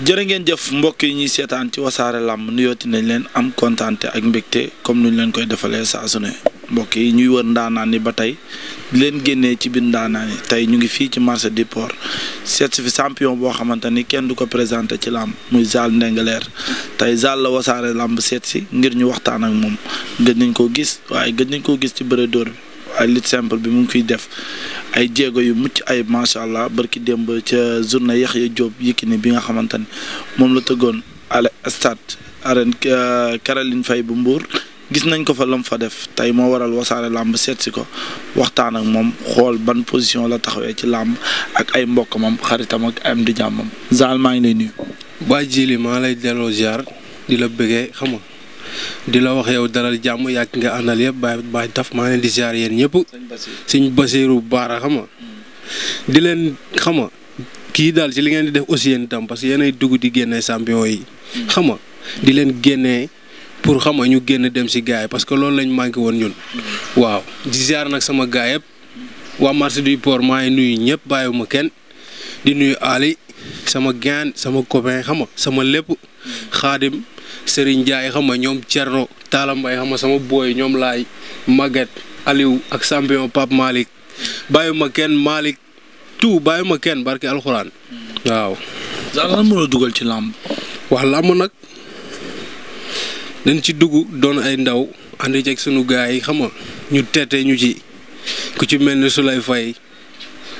jërë ngeen jëf mbokk yi ñuy seetaan ci wasaare làmb nuyooti nañ leen am kontaante ak mbégte comme nuñ leen koy defalee saa su mbokk yi ñuy wër ndaanaan ni ba tey leen génnee ci biir ndaanaan yi tey ñu ngi fii ci marché du port seet fi champion boo xamante ni kenn du ko présenté ci làmb muy Zal Ndingler tey Zal la wasaare làmb seet si ngir ñu waxtaan ak moom gën nañ koo gis waaye gën nañ koo gis ci bëre door bi lutte simple bi mu ngi fiy def ay jéego yu mucc ay macha allah bërki démb ca journée Yaxya Diop Yékini bi nga xamante ne moom la tëggoon ale stade arène euh, Caroline fay bu mbuur gis nañ ko fa lam fa def tey moo waral wasaare lamb seet si ko waxtaan ak moom xool ban position la taxawee ci làmb ak ay mbokkamam xaritam ak am di jàmmam. Zal maa ngi lay nuyu. Baye Djili maa lay delloo ziar di la bëggee xam di la wax yow dalal jàmm yàgg nga àndal yëpp bàyyi bàyyi taf maa ngi leen di ziar yéen ñëpp. sëñ Basiru Baara xam di leen xam nga kii daal ci li ngeen di def aussi yéen itam parce ay dugg di génne champion yi. Hmm. xam nga di leen génnee pour xam nga ñu génn dem si gars parce que loolu lañ manqué woon ñun. Hmm. waaw di ziar nag sama gaay yëpp waa marché du port maa ngi nuyu ñëpp ma kenn di nuyu Ali sama gaan sama copain xam nga sama lépp hmm. xaadim Serigne Ndiaye xam nga ñoom Thierno Talla Mbaye xam nga sama booy ñoom laay Maguette Aliou ak champion Pape Malick bàyyi ma kenn Malick tu bàyyi ma kenn barki alxuraan waaw. dugal ci làmb. làmb nag dañ ci dugg doon ay ndaw ànd ceeg sunu gaay yi xam ñu teete ñu ci ku ci mel ni Souley Faye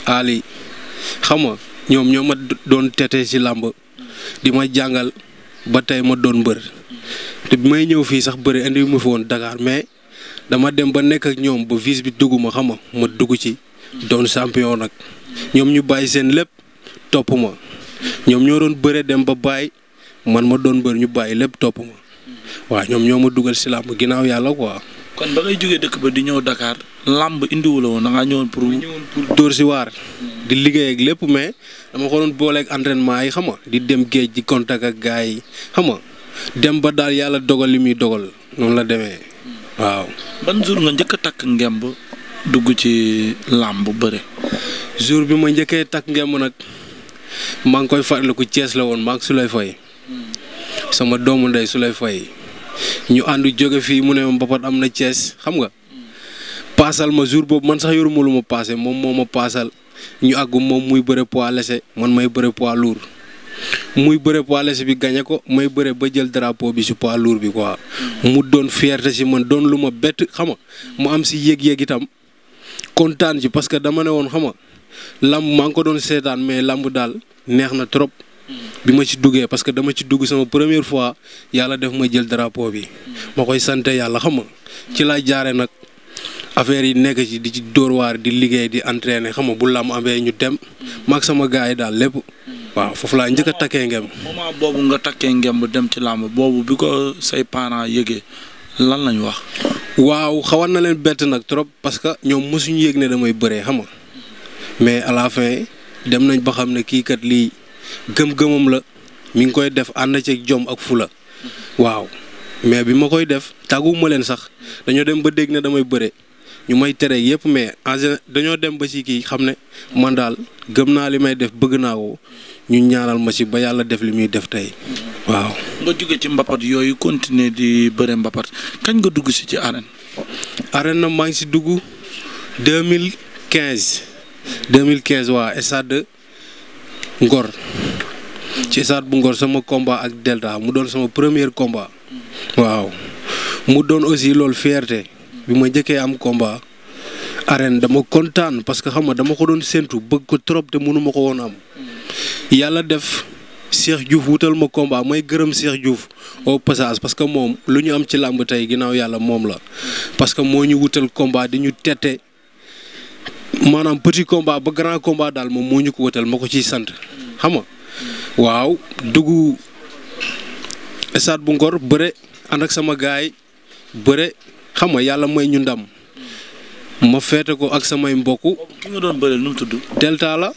Ali xam nga ñoom ñoo ma doon teete ci làmb di ma jàngal. ba tey ma doon mbër te bi may ñëw fii sax bëri indi ma fi woon Dakar mais dama dem ba nekk ak ñoom ba vise bi dugg ma xam ma dugg ci doon champion nag ñoom ñu bàyyi seen lépp topp ma ñoom ñoo doon bëre dem ba bàyyi man ma doon mbër ñu bàyyi lépp topp ma waaw ñoom ñoo ma dugal si làmb ginnaaw yàlla quoi. kon ba ngay jógee dëkk ba di ñëw dakaar làmb indiwula woon da ñëwoon pour. ñëwoon pour si waar. Hmm. di liggéey ak lépp mais dama ko doon booleeg entraînement yi xam nga di dem géej di contact ak gars yi xam dem ba daal yàlla dogal li muy dogal noonu la demee waaw. ban jour nga njëkk a takk ngemb dugg ci làmb bëre. jour bi ma njëkkee takk ngemb nag maa ngi koy fàttaliku Thiès la woon maa ngi su lay fay. Hmm. sama doomu ndey su lay fay. ñu ànd jóge fii mu ne ma mbapat am na cees xam nga. paasal ma jour boobu man sax yoruma lu ma paase moom moo ma paasal ñu àggu moom muy bëre poids léger man may bëre poids muy bëre bi gañe ko may bëre ba jël drapeau bi si poids lourd bi quoi. mu doon fierte si man doon lu ma bett xam nga mu am si yéeg-yéeg itam kontaan ci parce que dama ne woon xam nga maa ngi ko doon seetaan mais lamb daal neex na trop. bi ma ci duggee parce que dama ci dugg sama première fois yàlla def ma jël drapeau bi mm. ma koy sante yàlla xam nga ci laa jaare nag affaire yi nekk ci di ci dóor waar di liggéey di entraîner xam nga bu lam amee ñu dem mm. maag sama gars yi daal lépp mm. waaw foofu laa njëkk a takkee ngem boobu nga takkee ngem ngemb dem ci làmb boobu bi ko say parents yëgee lan lañ wax. waaw xawoon na leen bett nag trop parce que ñoom mosuñu yëg ne damay bëree xam nga mais à dem nañ ba xam ne kii kat lii gëm-gëmam la mu ngi koy def ànd ci jom ak fula waaw mais bi ma koy def tàgguwuma leen sax dañoo dem ba dégg na damay bëre ñu may tere yëpp mais en dañoo dem ba ci kii xam ne man daal gëm naa li may def bëgg naa ko ñu ñaanal ma si ba yàlla def li muy def tey waaw. nga jóge ci mbapat yooyu continuer di bëre mbappat kañ nga dugg si ci arène. arène na maa ngi si dugg 2015 2015 waa stade Ngor. ci saat bu ngor sama combat ak Delta mu doon sama première combat. waaw mu doon aussi loolu fierté bi ma njëkkee am combat. arène dama kontaan parce que xam nga dama ko doon séntu bëgg ko trop te mënu ma ko woon am. yàlla def Cheikh Diouf wutal ma combat may gërëm Cheikh Diouf au passage parce que moom lu ñu am ci làmb tey ginnaaw yàlla moom la. parce que moo ñu wutal combat di ñu tette maanaam petit combat ba grand combat daal moom moo ñu ko wutal ma ko ciy sant xam nga waaw dugg stade bu Ngor bëre ànd ak sama gaay bëre xam nga yàlla may ñu ndam ma feete ko ak samay mbokk. ki doon bëre nu mu tudd. Delta la.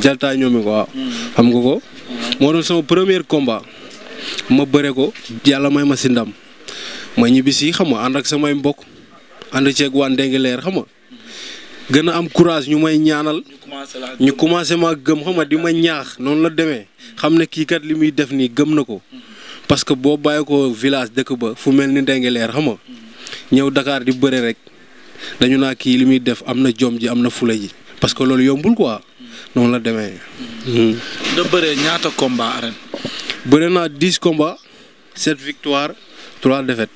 Delta ñoomi ko waaw. Mm. xam nga ko. moo doon sama premier combat ma bëre ko yàlla may ma si ndam ma ñibbisi xam nga ànd ak samay mbokk ànd ceeg waa Ndingler xam gën a am courage ñu may ñaanal ñu commencé ma gëm xam di ma ñaax noonu la demee xam ne kii kat li muy def nii gëm na ko mm-hmm. parce que boo bàyyi ko village dëkk ba fu mel ni Ndingler xam mm-hmm. ñëw dakaar di bëre rek dañu naa kii li muy def am na jom ji am na fula ji parce que loolu yombul quoi mm-hmm. noonu la demee. da ñaata combat arène. bëre naa dix combats sept victoires trois défaites.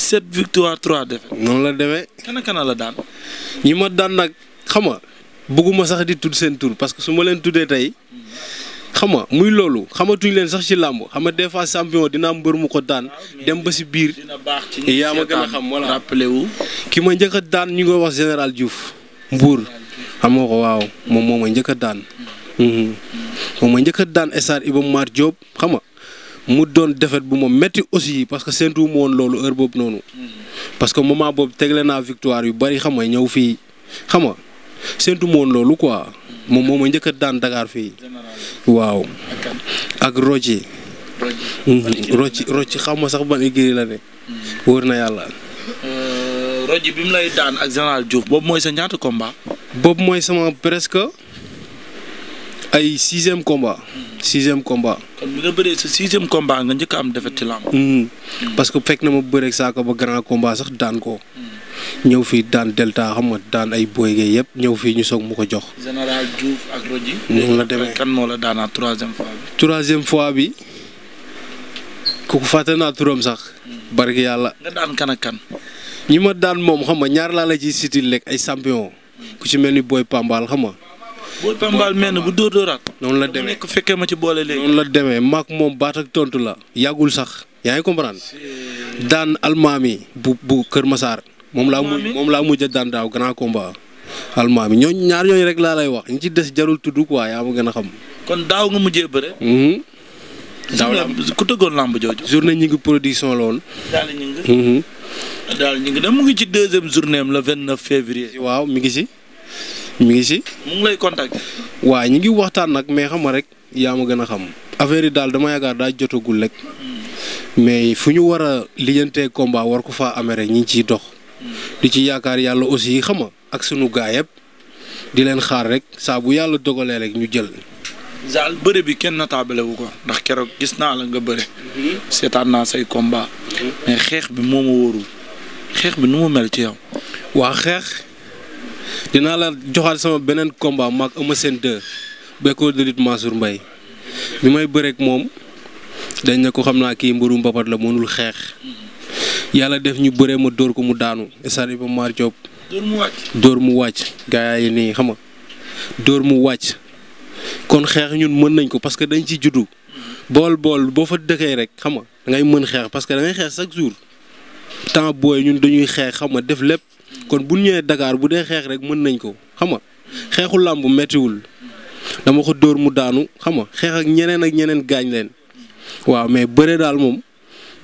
sept victoire trois défaites. noonu la demee. kana kana la daan. ñi ma daan nag xam nga bëgguma sax di tudd seen tur parce que su ma leen tuddee tey xam nga muy loolu xamatuñ leen sax ci làmb xam nga des fois champion dina am mbër mu ko daan ah dem ba si biir. baax ci ñi yaa ma gën a xam wala rappelé wu. ki ma njëkk a daan ñu ngi wax général Diouf Mbour. xam ko waaw moom moo ma njëkk a daan. Mm. Mhm. moom ma njëkk daan daan Essar Iba Mar Diop xam nga mu doon defet bu ma metti aussi parce que séntu mu loolu heure boobu noonu. parce que moment boobu tegle naa victoire yu bari xam nga ñëw fii xam nga séntu mu loolu quoi moom moo ma njëkk a daan Dakar fii. waaw ak Roji. Roji Roji xam ma sax ban igri la ne. wóor na yàlla. Euh, Roji bi mu lay daan ak général Diouf boobu mooy sa ñaata combat. boobu mooy sama presque. ay sixième combat. sixième combat. kon bi nga njëkk am defet ci hmm. parce que fekk na ma bëreeg saako ba grand combat sax daan ko. ñëw fii daan Delta xam nga daan ay Boy Gueye yëpp ñëw fii ñu soog mu ko jox. noonu la demee kan moo la daanaat troisième fois bi. troisième fois bi kooku fàtte naa turam sax. barki yàlla. nga ñi ma daan moom xam nga ñaar laa la ciy sitil lekk ay champion. ku ci mel ni Boy Pambal xam boo pambaal bu dóor dóoraat. noonu la demee nekk fekkee ma ci boole léegi. la demee maak moom baat ak tontu la. yàggul sax yaa ngi comprendre. daan almaami bu bu Kër Masaar. moom laa mujj moom laa mujj daan daaw grand combat. almaami ñooñu ñaar ñooñu rek laa lay wax ñu ci des jarul tudd quoi yaa gën a xam. kon daaw nga mujjee bëre. Mm-hmm. daaw la ku tëggoon lamb jooju. journée ñi ngi production la woon. ñu ngi. Mm-hmm. daal mu ngi ci deuxième journée la vingt neuf février. waaw mi ngi si. mi ngi si. mu ngi lay contact. waaw ñu ngi waxtaan nag mais xam nga rek yaa ma gën a xam. affaire yi daal dama yaakaar daa jotagul rek. Hmm. mais fu ñu war a lijjantee combat war ko faa amee rek ñu ngi ciy dox. Hmm. di ci yaakaar yàlla aussi xam nga ak sunu gaa yëpp di leen xaar rek saa bu yàlla dogalee rek ñu jël. zaal bëre bi kenn nataabale wu ko ndax keroog gis naa la nga bëre. Mm-hmm. seetaan naa say komba mm-hmm. mais xeex bi moo ma wóorul xeex bi nu mu mel ci yow. waa xeex dinaa la joxaat sama beneen combat maag Eumeu Sène 2 École de lutte Mansour bi may bëreek moom dañ ne ko xam naa kii mbëru mbapat la mënul xeex yàlla def ñu bëree ma dóor ko mu daanu stade ba Mar Diop. dóor mu wàcc dóor mu wàcc gaa yi nii xam nga dóor mu wàcc kon xeex ñun mën nañ ko parce que dañ ci juddu bool bool boo fa dëkkee rek xam nga ngay mën xeex parce que da ngay xeex chaque jour temps booy ñun dañuy xeex xam nga def lépp. kon bu ñëwee dakaar bu dee xeex rek mën nañ ko xam nga xeexu làmb méttiwul dama ko dóor mu daanu xama nga xeex ak ñeneen ak ñeneen gaañ leen waaw mais bëre daal moom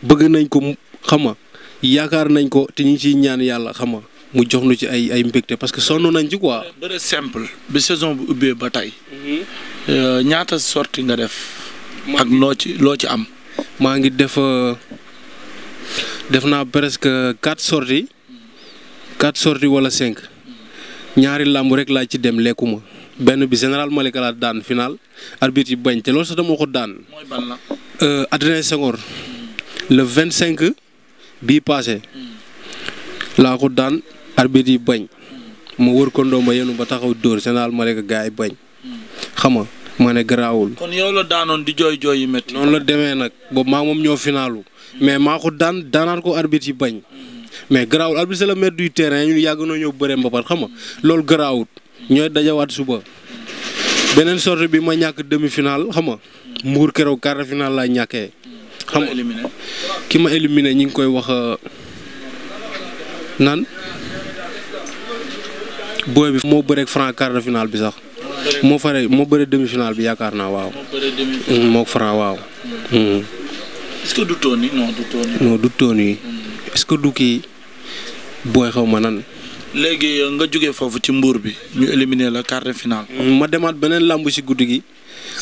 bëgg nañ ko xam nga yaakaar nañ ko te ñu ciy ñaan yàlla xam mu jox nu ci ay ay mbégte parce que sonn nañ ci quoi. simple bi saison bu ubbee ba tey. Mhm. Euh, ñaata sorti nga def. ak loo ci loo ci am. maa ngi def euh, def naa presque quatre sorties quatre sorties walla cinq ñaari làmb rek laa ci dem lekkuma benn bi général Malika laa daan final arbit yi bañ te loolu sa dama ko daan. mooy ban euh, le vingt cinq bii passé laa ko daan arbitre yi bañ ma wër ko ndoom ba yenu ba taxaw dóor général Malika gars yi bañ xam nga ma ne garaawul. kon yow la di jooy la demee nag boobu maa moom ñoo finaalu mais maa ko daan daanaat ko arbitre yi bañ. mais garaawul arbitre c'est le maître du terrain ñun yàgg na ñëw bëree xam nga loolu garaawut ñooy dajawaat suba. beneen sorte bi ma ñàkk demi final xam nga mbuur keroog quart de final laa ñàkkee. xam nga ki ma éliminé ñi ngi koy wax euh, nan booy bi moo bëreeg franc quart de final bi sax. moo fare moo bëre demi final bi yaakaar naa waaw. moo bëre waaw. yi. est-ce que du kii booy xaw ma nan. léegi nga jógee foofu ci mbuur bi ñu éliminé la quart de ma demaat beneen làmb ci guddi gi.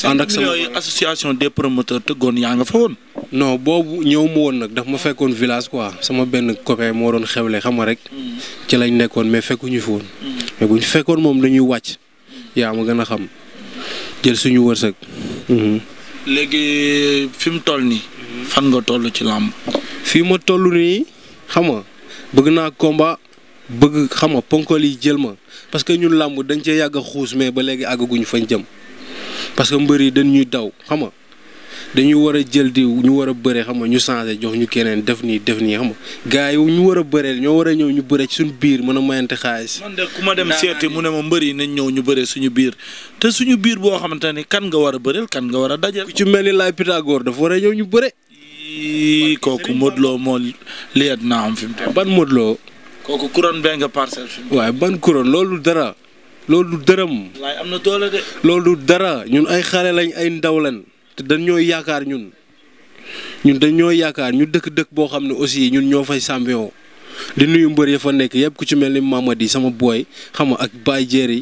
ànd ak sama association des promoteurs tëggoon yaa nga fa woon. boobu ñëw mu woon nag daf ma fekkoon village quoi sama benn copain moo doon xewle xam nga rek. Mm. ci lañ nekkoon mais fekkuñu fi woon. Mm. mais fekkoon moom dañuy wàcc. yaa ma gën a xam jël suñu wërsëg. Mm-hmm. léegi fi mu toll nii. fan nga toll ci làmb. nii xam nga bëgg naa combat bëgg xam nga ponkol yi jël ma parce que ñun làmb dañ cee yàgg a xuus mais ba léegi àggaguñu fañ jëm parce que mbër yi dañ ñuy daw xam nga dañuy war a jël di ñu war a bëre xam nga ñu changé jox ñu keneen def nii def nii xam nga gars yi ñu war a bëreel ñoo war a ñëw ñu bëre suñu biir mën a mayante xaalis. man ku ma dem seeti mu ne ma mbër yi nañ ñëw ñu bëre suñu biir te suñu biir boo xamante ne kan nga war a bëreel kan nga war a dajal. ku ci mel ni laay Pythagore dafa war a ñëw ñu bëre. kii kooku motloo Lo moo liet naa am fi mu ban Modou kooku couronne bee nga parcelle fi waaye ban couronne loolu dara loolu dërëm. waaye am na doole loolu dara ñun ay xale lañ ay ndaw lañ te dañ ñooy yaakaar ñun ñun dañ ñooy yaakaar ñu dëkk-dëkk boo xam ne aussi ñun ñoo fay champion di nuyu mbër ya fa nekk yëpp ku ci mel ni Mamadi sama booy xam nga ak Baye Jéeri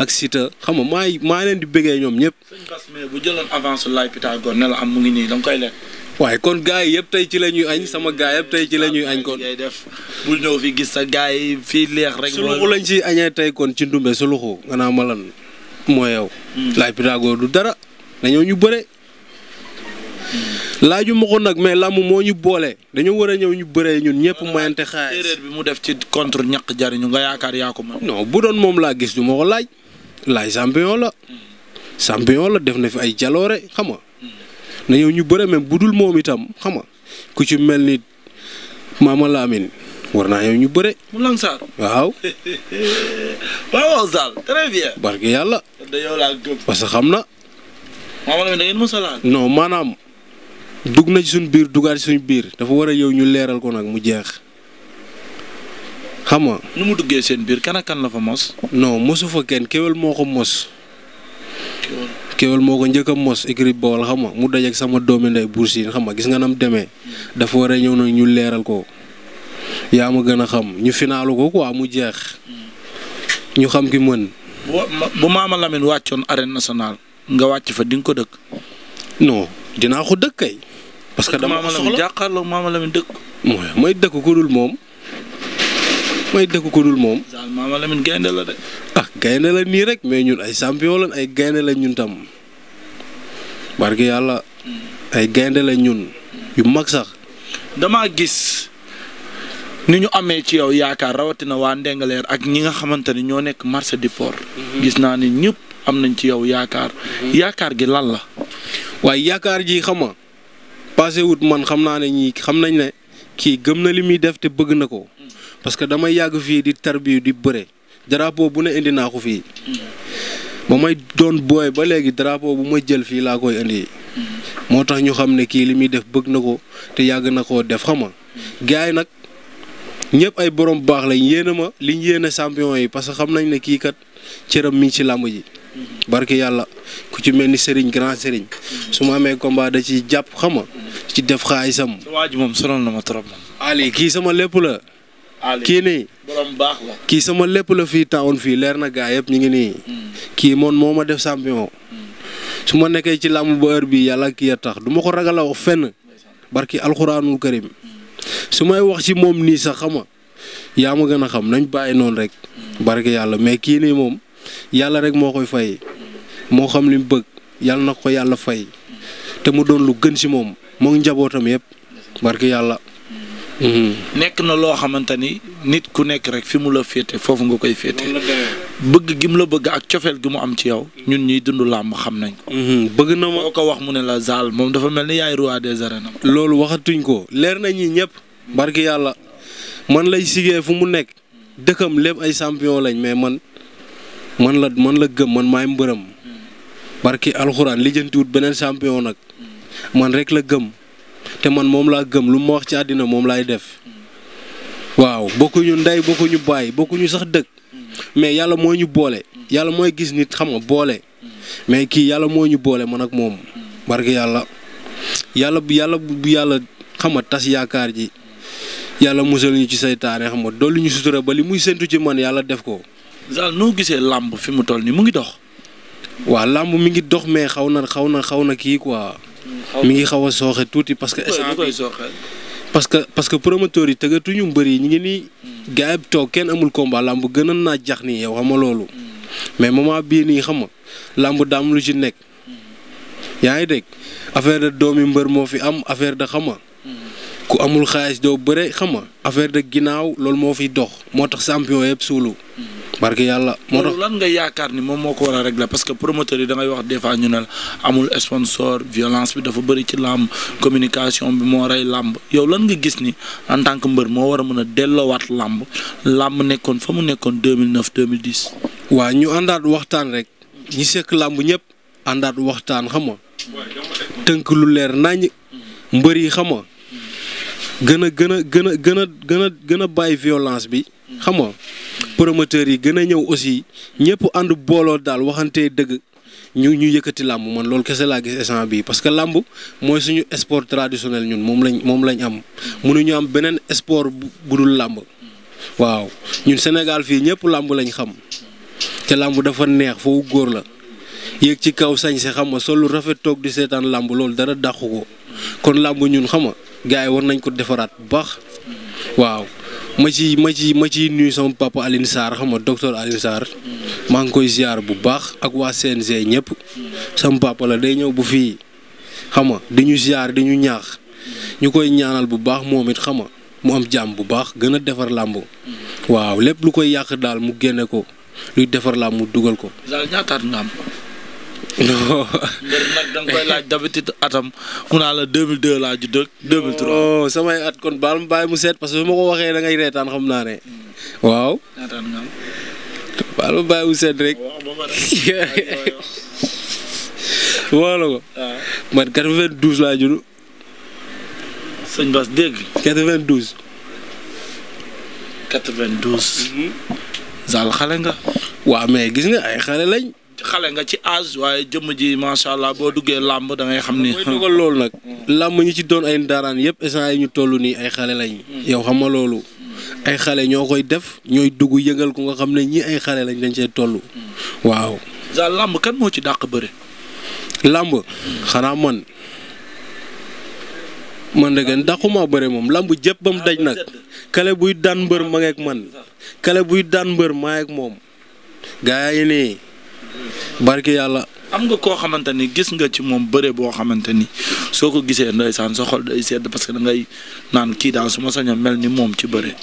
ak Sita xam nga maay maa leen di bëggee ñoom ñëpp. sëñ Bas mais bu jëloon avance laay Pythagore ne la am mu ngi nii da koy lekk. waaye kon gars yi yëpp tey ci la ñuy añ sama gars yëpp tey ci la ñuy añ kon. bul ñëw fi gis sa gars yi fii leex rek. suluxu lañ ci añee tey kon ci ndumbe suluxu nga naa ma lan mooy yow. Hmm. laaj Pythagore du dara dañoo ñu bëre. laaju ma ko nag mais làmm moo ñu boolee dañoo war a ñëw ñu bëree ñun ñëpp mayante xaalis. bi mu def ci contre ñaq jariñu nga yaakaar yaa ko mën. non bu doon moom laa gis du ma ko laaj laaj champion la hmm. champion la def na fi ay jaloore xam nga na ñëw ñu bëre même bu dul moom itam xam nga ku ci mel ni Mama Lamine war naa yow ñu bëre. yàlla. dañoo que xam na. Mama Lamine maanaam dugg na ci suñ biir duggaat suñ biir dafa war a yow ñu leeral ko nag mu jeex xam nga. nu mu duggee seen biir kan ak la fa mos. non mosu fa kenn kéwél moo ko mos. kéwél moo ko njëkk a mos écrit bool xam nga mu dajeeg sama doomi ndey Buur Siin xam nga gis nga nam demee dafa war a ñëw nag ñu leeral ko yaa ma gën a xam ñu finaalu ko quoi mu jeex ñu xam ki mën. bu a Lamine wàccoon arène nationale nga wàcc fa di nga ko dëkk. non dinaa ko dëkk kay. parce que dama soxla jàkkaarloo Maama dëkk. mooy dëkk ku dul moom. mooy dëkk ko dul moom. Maama Lamine gaynde la de. ah gaynde la nii rek mais ñun ay champion lañ ay gaynde la ñun tam barke yàlla ay gaynde la ñun yu mag sax. damaa gis ni ñu amee ci yow yaakaar rawatina waa Ndengaleer ak ñi nga xamante ni ñoo nekk marché di port. Mhm. gis naa ni ñëpp am nañ ci yow yaakaar. Mhm. yaakaar gi lan la. waaye yaakaar ji xam nga passé wut man xam naa ne ñii xam nañ ne kii gëm na li muy def te bëgg na ko. parce que damay yàgg fii di tarbiyu di bëre drapeau bu ne indi naa ko fii. ba may doon booy ba léegi drapeau bu ma jël fii laa koy indi. moo tax ñu xam ne kii li muy def bëgg na ko te yàgg na koo def xam nga gaay nag ñëpp ay borom baax lañ yéene ma liñ yéene champion yi parce que xam nañ ne kii kat cëram mi ci làmb ji. barke yàlla ku ci mel ni Serigne grand Serigne. su ma amee combat da ciy jàpp xama ci def xaalisam. waa ji moom sonal na ma trop. Ali kii sama lépp la. kii nii borom kii sama lépp la fii tawoon fii leer na gaa yëpp ñu ngi nii. Hmm. kii moom moo ma def champion. Hmm. su ma nekkee ci làmb ba heure bii yàlla kii a tax du ko ragal fenn barki alxuraanul karim hmm. su may wax ci moom nii sax xama yaa ma gën a xam nañ bàyyi noonu rek. barki yàlla mais kii nii moom yàlla rek moo koy fay. moo xam li bëgg yàlla na ko yàlla fay. te mu doon lu gën ci moom moog njabootam yëpp barki yàlla. Mm-hmm. nekk na loo xamante ni nit ku nekk rek fi mu la féete foofu nga koy féete. bëgg gi mu la bëgg ak cofeel gi mu am ci yow. ñun ñuy dund làmb xam nañ ko. Mm-hmm. bëgg na ma ko wax mu ne la Zal moom dafa mel ni yaay roi des arènes. loolu waxatuñ ko leer na ñi ñëpp. barki yàlla man lay sigee fu mu nekk. dëkkam lépp ay champion lañ mais man man la man la gëm man maay mbërëm. Mm. barki alxuraan lijjantiwut beneen champion nag. Mm. man rek la gëm. te man moom laa gëm lu ma wax ci àddina moom laay def waaw bokkuñu ndey bokkuñu baay bokkuñu sax dëkk mais yàlla moo ñu boole yàlla mooy gis nit xam nga boole mais kii yàlla moo ñu boole man ak moom barke yàlla yàlla bu yàlla bu yàlla xam nga tas yaakaar ji yàlla musal ñu ci saytaane xam nga dolli ñu sutura ba li muy séntu ci man yàlla def ko. Zal noo gisee làmb fi mu toll nii mu ngi dox. waaw làmb mi ngi dox mais xaw na xaw na xaw na kii quoi mi ngi xaw a sooxe tuuti parce que. parce que parce que promoteurs yi tëggatuñu mbër yi ñu ngi nii. Mm. gars yi toog kenn amul combat làmb gën naa jax nii yow xam nga loolu. Mm. mais moment bii nii xam nga làmb daam lu ci nekk. Mm. yaa ngi dégg affaire de doomi mbër moo fi am affaire de xam ku amul xaalis doo bëre xam nga affaire de ginnaaw loolu moo fiy dox moo tax champion yëpp suulu. barke yàlla moo tax lan nga yaakaar ni moom moo ko war a régler parce que promoteur yi da ngay wax des fois ñu ne amul sponsor violence bi dafa bëri ci làmb communication bi moo rey làmb yow lan nga gis ni en tant que mbër moo war a mën a dellowaat làmb làmb nekkoon fa mu nekkoon 2009 2010. waaw ñu àndaat waxtaan rek ñi sekk làmb ñëpp àndaat waxtaan xam nga tënk lu leer nañ mbër yi xam nga gën a gën a gën a gën a gën a gën a bàyyi violence bi xam nga promoteurs yi gën a ñëw aussi ñëpp ànd booloo daal waxante dëgg ñu ñu yëkkati làmb man loolu kese laa gis instant bi parce que làmb mooy suñu sport traditionnel ñun moom lañ moom lañ am munuñu am beneen sport bu dul làmb waaw ñun Sénégal fii ñëpp làmb lañ xam te làmb dafa neex foofu góor la yéeg ci kaw sañ si xam nga sol lu rafet toog di seetaan làmb loolu dara dàqu kon làmb ñun xam nga gars yi war nañ ko defaraat bu baax waaw. ma ci ma ci ma ciy nuyu sama papa Alioune Sarr xam nga docteur Alioune Sarr maa ngi koy ziar bu baax ak waa CNG ñëpp sama papa la day ñëw bu fii xam nga di ñu ziar di ñu ñaax ñu koy ñaanal bu baax moom it xam nga mu am jàmm bu baax gën a defar làmb waaw lépp lu koy yàq daal mu génne ko luy defar làmb mu dugal ko. daal non. mbër atam mu naa la 2002 laa judd ak oh, samay at kon baal mu bàyyi mu set parce que bu ko waxee da ngay reetaan xam naa ne. waaw. reetaan nga am. baal ma bàyyi mu seet ah. mhm. xale nga. waaw mais gis nga ay xale lañ. xale nga ci âge waaye jëmm ji macha allah boo duggee làmb da xam ni. mooy dugal loolu nag. làmb ñi ci doon ay ndaaraan yëpp instant yi ñu toll nii ay xale lañ. yow xam nga loolu. ay xale ñoo koy def ñooy dugg yëgal ko nga xam ne ñii ay xale lañ dañ see tollu waaw. daal làmb kan moo ci dàq bëri. làmb xanaa man. man de gën dàquma bëre moom làmb jëpp ba mu daj nag kale buy daan mbër ma ngeeg man kale buy daan mbër maa ngeeg moom gaa yi nii barki yàlla. am nga koo xamante ni gis nga ci moom bëre boo xamante ni soo ko gisee ndeysaan sa xol day sedd parce que da ngay naan kii daal su ma sañoon mel ni moom ci bëre.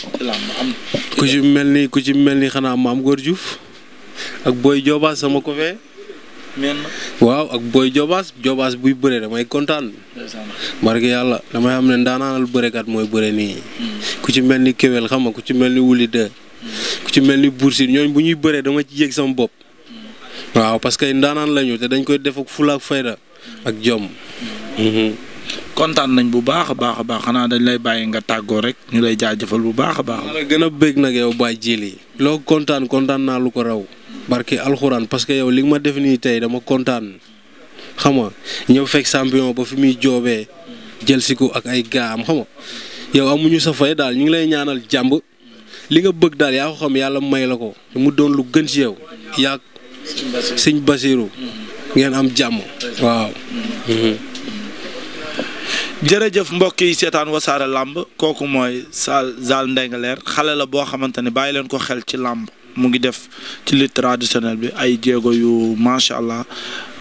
am ku ci mel ni ku ci mel ni xanaa maam Góor Diouf ak Boy Diobaas sama ko fee. waaw ak booy Diobaas Diobaas buy bëre damay kontaan. barki yàlla damay xam ne ndaanaanal bërekat mooy bëre nii. Hmm. ku ci mel ni kéwél xam nga ku ci mel ni Wuli De. Hmm. ku ci mel ni Boursine ñooñ bu ñuy bëree dama ci yéeg sama bopp. waaw parce que ndaanaan lañu te dañ koy def ak fula ak fayda ak jom. Mhm. kontaan nañ bu baax a baax a baax xanaa dañ lay bàyyi nga tàggoo rek ñu lay jaajëfal bu baax a baax. a gën a bëgg nag yow Baye Djily loo kontaan kontaan naa lu ko raw. barki alxuraan parce que yow li nga ma def nii tey dama kontaan xam nga ñëw fekk champion ba fi muy joobee jël si ko ak ay gaam xam nga yow amuñu sa fay daal ñu ngi lay ñaanal jàmb li nga bëgg daal yaa ko xam yàlla may la ko mu doon lu gën si sëñ Basiru ngeen am jàmm waaw jërëjëf mbokk yi seetaan wasaare làmb kooku mooy Sal Zal Ndingler xale la boo xamante ne bàyyi leen ko xel ci làmb mu ngi def ci lutte traditionnelle bi ay jéego yu macha allah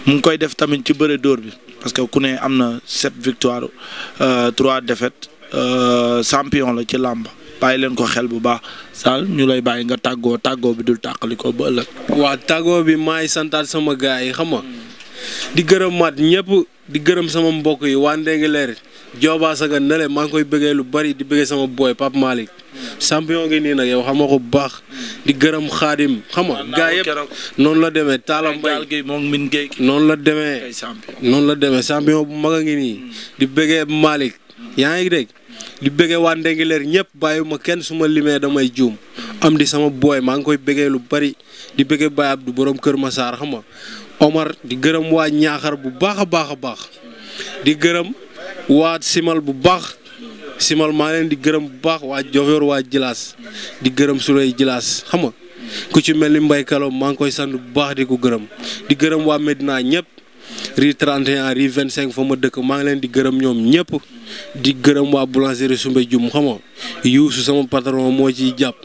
mu ngi koy def tamit ci bëre dóor bi parce que ku ne am na sept victoire euh, trois défaites euh, champion la ci làmb bàyyi leen ko xel bu baax Sall ñu lay bàyyi nga tàggoo tàggoo bi dul tàqali ko ba ëllëg. waaw tàggoo bi maay santaat sama gars yi xam nga di gërëmaat ñëpp di gërëm sama mbokk yi waa Ndingler Jooba Saga Ndele maa ngi koy bëggee lu bari di bëggee sama booy Pape Malick champion ngi nii nag yow xam nga ko bu baax di gërëm xaadim xam nga gaa yëpp noonu la demee Talla Mbaye noonu la demee noonu la demee champion bu mag a ngi nii hmm. di bëggee Malick yaa ngi dégg di bëggee waa Ndingler ñëpp bàyyiwuma kenn suma ma limee damay juum am di sama booy maa ngi koy bëggee lu bari di bëggee Baye du boroom Kër Massar xam nga Omar di gërëm waa Ñaaxar bu baax a baax a baax di gërëm waa Simal bu baax Simal maa leen di gërëm bu baax waa Jofoor waa Jilaas di gërëm Suley Jilaas xam nga ku ci mel ni Mbaye maa ngi koy sant bu baax di ko gërëm di gërëm waa Medina ñëpp. rue 31 rue 25 fa ma dëkk maa ngi leen di gërëm ñoom ñëpp di gërëm waa boulangerie Soumbé Dioum xam nga Youssou sama patron moo ciy jàpp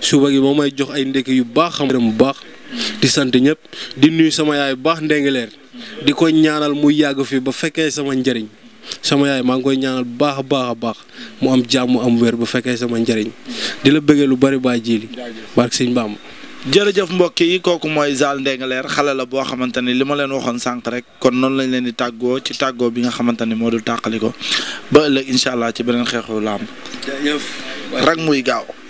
suba gi moo may jox ay ndekki yu baax xam bu baax di sant ñëpp di nuyu sama yaay bu baax ndengaleer di ko ñaanal mu yàgg fi ba fekkee sama njëriñ sama yaay maa ngi koy ñaanal bu baax a baax a baax mu am jàmm mu am wér ba fekkee sama njëriñ di la bëggee lu bari baa jiili barke sëñ Bamba jërëjëf mbokk yi kooku mooy Zal Ndingler la boo xamante ni li ma leen waxoon sànq rek kon noonu lañ leen di tàggoo ci tàggoo bi nga xamante ni moo dul tàqali ko ba ëllëg incha allah ci beneen xeexu laam. jërëjëf rek muy gaaw.